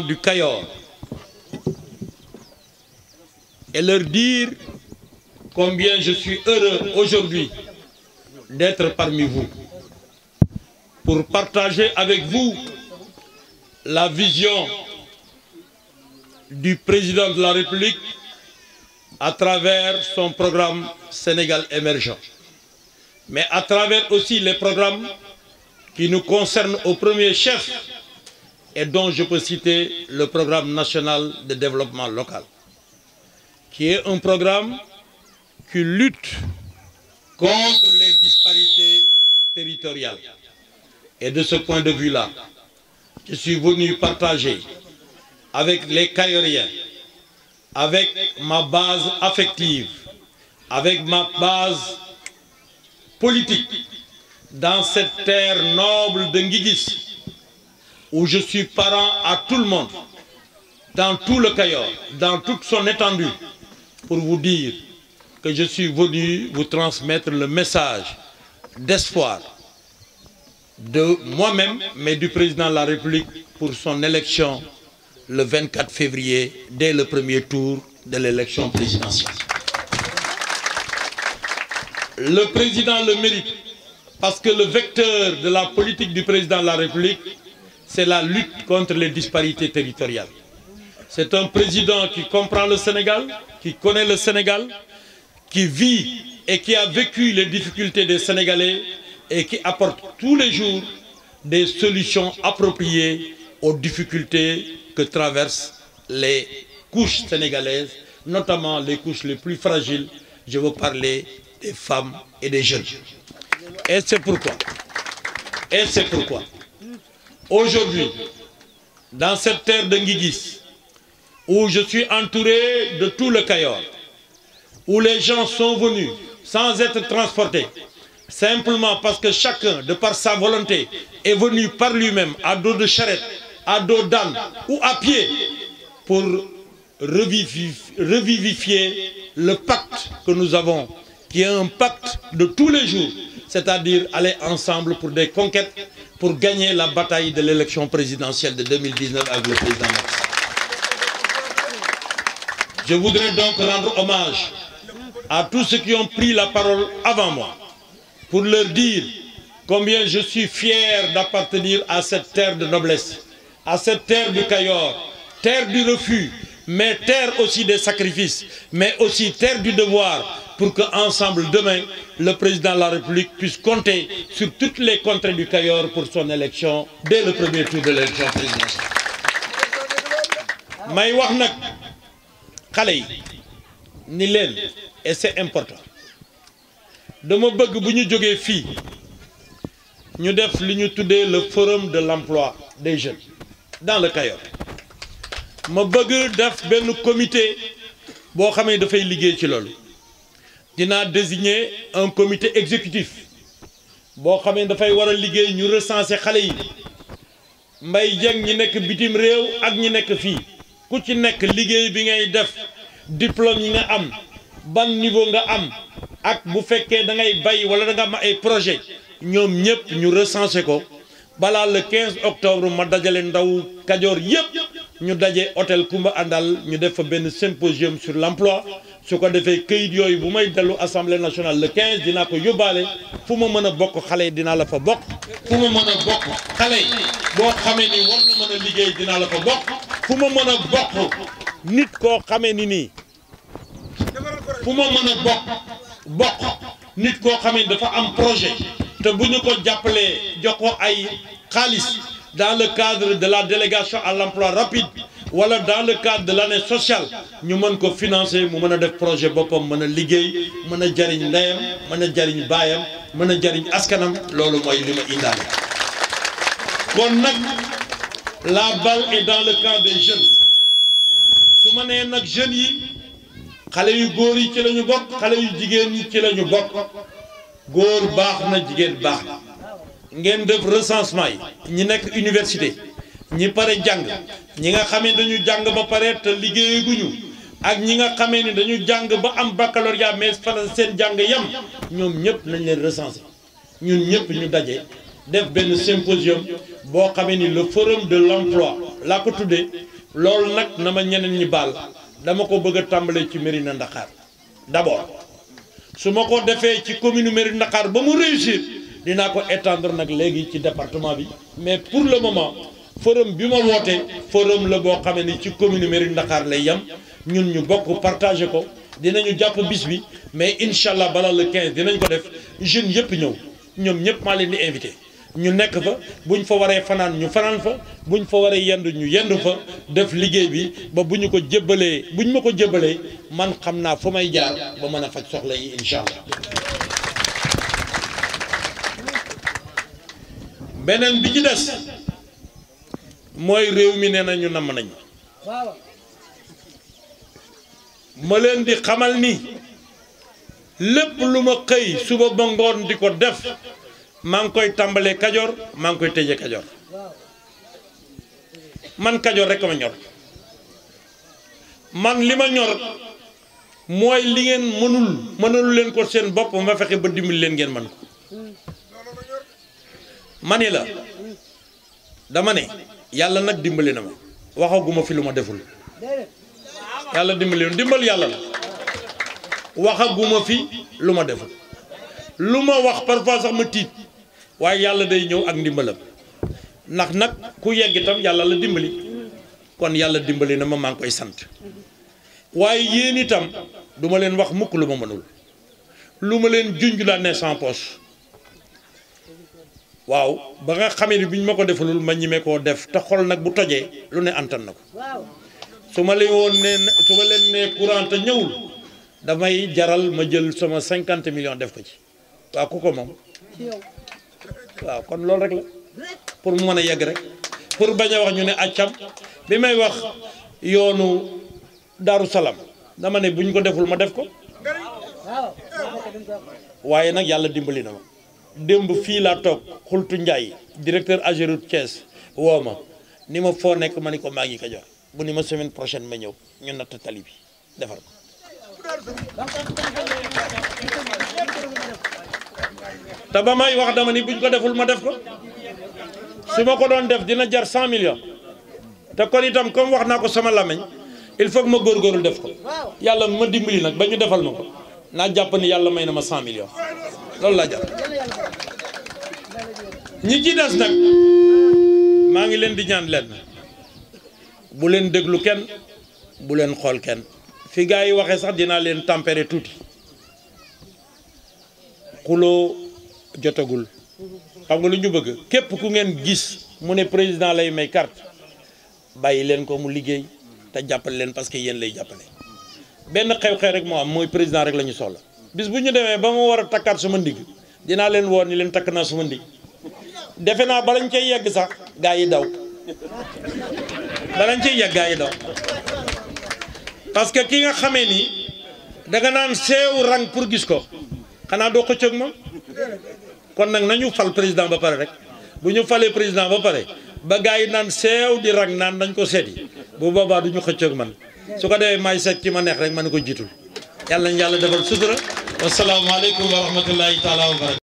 du Cayor et leur dire combien je suis heureux aujourd'hui d'être parmi vous pour partager avec vous la vision du président de la République à travers son programme Sénégal émergent, mais à travers aussi les programmes qui nous concernent au premier chef et dont je peux citer le programme national de développement local, qui est un programme qui lutte contre les disparités territoriales. Et de ce point de vue-là, je suis venu partager avec les Cailleriens, avec ma base affective, avec ma base politique, dans cette terre noble de Nguigis, où je suis parent à tout le monde, dans tout le Cayor, dans toute son étendue, pour vous dire que je suis venu vous transmettre le message d'espoir de moi-même, mais du président la République pour son élection le 24 février, dès le premier tour de l'élection présidentielle. Le président le mérite, parce que le vecteur de la politique du président la République, c'est la lutte contre les disparités territoriales. C'est un président qui comprend le Sénégal, qui connaît le Sénégal, qui vit et qui a vécu les difficultés des Sénégalais et qui apporte tous les jours des solutions appropriées aux difficultés que traversent les couches sénégalaises, notamment les couches les plus fragiles. Je veux parler des femmes et des jeunes. Et c'est pourquoi. Et c'est pourquoi. Aujourd'hui, dans cette terre de Nguigis, où je suis entouré de tout le Cayor, où les gens sont venus sans être transportés, simplement parce que chacun, de par sa volonté, est venu par lui-même, à dos de charrette, à dos d'âne ou à pied, pour revivifier le pacte que nous avons, qui est un pacte de tous les jours, c'est-à-dire aller ensemble pour des conquêtes, pour gagner la bataille de l'élection présidentielle de 2019 avec le président Macky donc rendre à tous ceux qui la parole avant moi pour leur dire combien je suis fier d'appartenir à cette terre de noblesse, à cette terre du Cayor, terre mais terre aussi des sacrifices, mais aussi terre du devoir, pour que ensemble demain le président de la République puisse compter sur toutes les contrées du Cayor pour son élection dès le premier tour de l'élection présidentielle may wax nag xale yi ni leen et c'est important dama bëgg bu ñu jógee fii ñu def li ñu tuddee le forum de l'emploi des jeunes dans le Cayor ma bëgg def benn comité boo xamee dafay liggéey ci loolu dinaa désigner un comité exécutif boo xam ne dafay war a liggéey ñu recencé xale yi mbay jëng ñi nekk bitim réew ak ñi nekk fii ku ci nekk liggéey bi ngay def diplôme yi nga am ban niveau nga am ak bu fekkee da ngay bay wala da nga ay projet ñoom ñëpp ñu recencé ko balaa la 15 octobre ma dajale ndaw kajoor yépp ñu daje hôtel Kumba àndal ñu def fa benn symposium sur l'emploi su ko defee kayit yooyu bu may dellu assemblée nationale la 15 dinaa ko yóbbaale fu ma mën a bokk xale yi dinaa la fa bokk fu ma mën a bokk xale yi boo xamee ni war na mën a liggéey dinaa la fa bokk fu ma mën a bokk nit koo xamee ni nii fu ma mën a bokk bokk nit koo xamee ni dafa am projet te bu ñu ko jàppalee jox ko ay xaalis dans le cadre de la délégation à l'emploi rapide wala dans le cadre de la l'année sociale ñu mën ko financer mu mën a def projet boppam mën a liggéey mën a jariñ ndeyam mën a jariñ baayam mën a jariñ askanam loolu mooy li ma indaale kon nag la balle est dans le camp des jeunes su ma nee nag jeunes yi xale yu góor yi ci lañu ñu bokk xale yu jigéen yi ci lañu ñu góor baax na jigéen baax na ngeen def recensement yi ñi nekk université ñi pare jàng ñi nga xamee dañu jàng ba pare te liggéeyaguñu ak ñi nga xamee ni dañu jàng ba am baccalauréat mais fa seen jàng yam ñoom ñëpp nañ leen recenser ñun ñëpp ñu daje def benn symposium boo xamee ni la forum de l'emploi laa ko tuddee loolu nag na ma ñeneen ñi baal dama ko bëgg a tàmbalee ci Mérina Ndakhar d'abord su ma ko defee ci commune Mérina Dakhar ba mu réussir dinaa ko étendre nag léegi ci département bi mais pour le moment forum bi ma woote forum la boo xamee ni ci commune Mérina Dakhar lay yem ñun ñu bokk partagé ko dinañu jàpp bis bi mais incha allah balaa le 15 dinañ ko def jeunes yëpp ñëw ñoom ñëpp maa leen di invité. ñu nekk fa buñ fa waree fanaan ñu fanaan fa buñ fa waree yendu ñu yendu fa def liggéey bi ba bu ñu ko jébbalee buñ ma ko jébbalee man xam naa fu may jaar ba mën a faj soxla yi incha allah. beneen bi ci des mooy réew mi nee nañu namm nañ ma leen di xamal ni lépp lu ma xëy suba ba ngoon di ko def. maa ngi koy tàmbalee kajoor maa ngi koy tëjee kajoor man kajoor rek ma ñor man li ma ñor mooy li ngeen mënul mënalu leen ko seen bopp ma fexe ba dimbali leen ngeen man ko ma la dama ne yàlla nag dimbali na ma waxaguma fi lu ma deful yàlla dimbali na dimbal yàlla la waxaguma fi lu ma deful lu ma wax parfois sax ma tiit waaye yàlla day ñëw ak ndimbalam ndax nag ku yegg itam yàlla la dimbali kon yàlla dimbali na ma maa ngi koy sant waaye yéen itam duma leen wax mukk lu ma mënul lu ma leen junj laa ne sans poche waaw ba nga xamee ni bi ñu ma ko defalul ma ñime koo def te xol nag bu tojee lu ne antan na ko su ma leen woon ne su ma leen ne courant te ñëwul damay jaral ma jël sama cinquante million def ko ci waaw ku ko moom waaw kon loolu rek la pour mu mën a yegg rek pour bañ a wax ñu ne accam bi may wax yoonu daaru salaam dama ne bu ñu ko deful ma def ko waaye nag yàlla dimbali na ma démb fii laa toog xultu Ndiaye directeur Ageroute Thiès woo ma ni ma foo nekk ma ni ko maa ngi ko jox bu ni ma semaine prochaine ma ñëw ñu natt tali bi defar ko te ba may wax dama ni buñ ko deful ma def ko su ma ko doon def dina jar cent million te kon itam comme wax naa ko sama làmmiñ il faut ma góor góorul def ko yàlla ma dimbali nag ba ñu defal ma ko naa jàpp ni yàlla may na ma cent millions loolu laa jàpp ñi ci des nag maa ngi leen di ñaan leen bu leen déglu kenn bu leen xool kenn fi gars yi waxee sax dinaa leen tempérer tuuti xuloo jotagul xam nga lu ñu bëgg képp ku ngeen gis mu ne président lay may carte bàyyi leen ko mu liggéey te jàppale leen parce que yéen lay jàppale benn xew-xew rek moo am mooy président rek la ñu soxla bis bu ñu demee ba mu war a takkaat suma ndigg dinaa leen woon ni leen takk naa suma ndigg defe naa balañ cay yegg sax gaa yi daw balañ cay yegg gaa yi daw parce que ki nga xamee ni danga naan seew rang pour gis ko xanaa doo xëcc ak moom kon nag nañu fal président ba pare rek bu ñu falee président ba pare ba gars yi naan seew di rag naan dañ ko seeti bu boobaa du ñu xëcc ak man su ko defee may seet ki ma neex rek ma ne ko jiitul yàlla nañ yàlla defal sutura wasalaamaaleykum wa rahmatullahi taala wa barakatu